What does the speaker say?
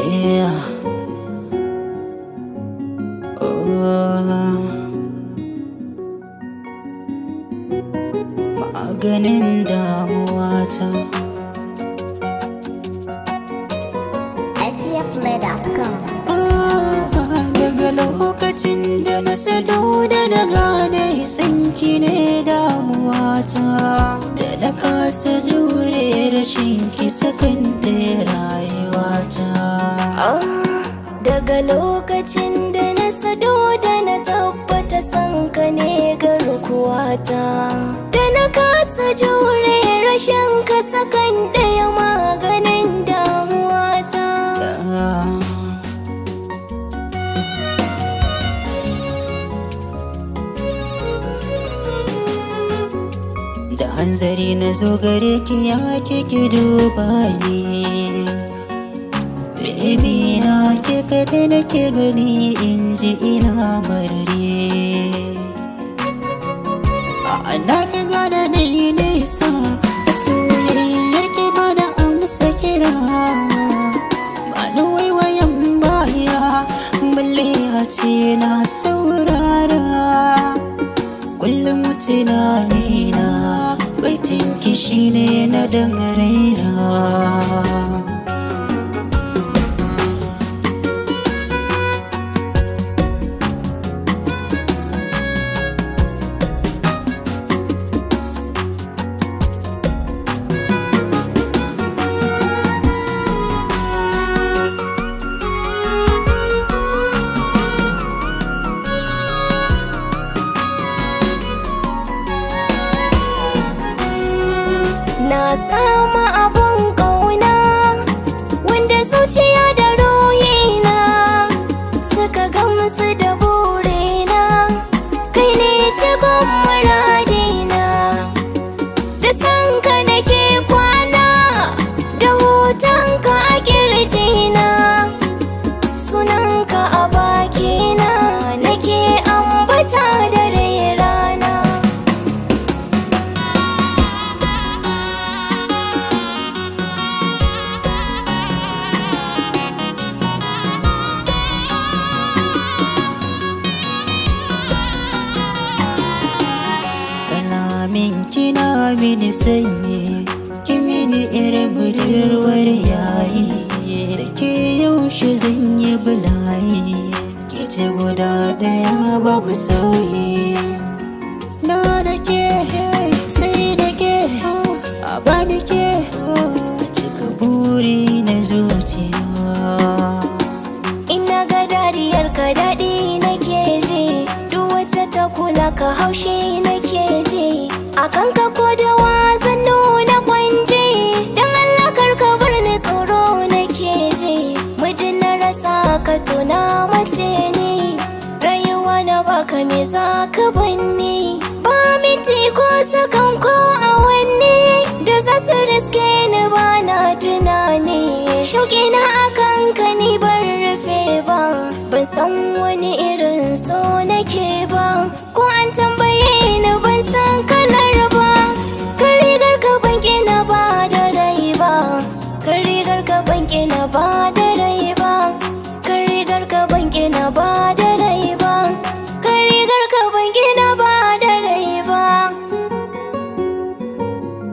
Yeah. Oh. Maganin damuwata. ftflay.com ah, Daga lokacin da na da na gane ne damuwata. daga lokacin da na sado da na tabbata san ka ne garkuwata da na kasa jure rashin ka sakan ɗaya maganin damuwata da hanzari na zo gare ki ya kike duba ni da nake gani in ji ina barre a na riga da na yi nisa soyayyar ke bada amsa kira ma'ana waiwayan baya balle a ce na saurara kullum tunanina baitin kishi ne na dangaraira mini sanyi ki mini irin budurwar yayi da ke yaushe zan yi bulayi ki ce guda daya babu sauyi na da ke sai da ke a ba da ke a cika buri na zuciya ina ga dariyar ka daɗi nake ji duk wacce ta ka haushi nake ji akan haka me za ka banni ba minti ko sakan ko a wanni da za su riske ni ba na tunani shauƙi na akan ka ni ban rufe ba ban san wani irin so nake ba ko an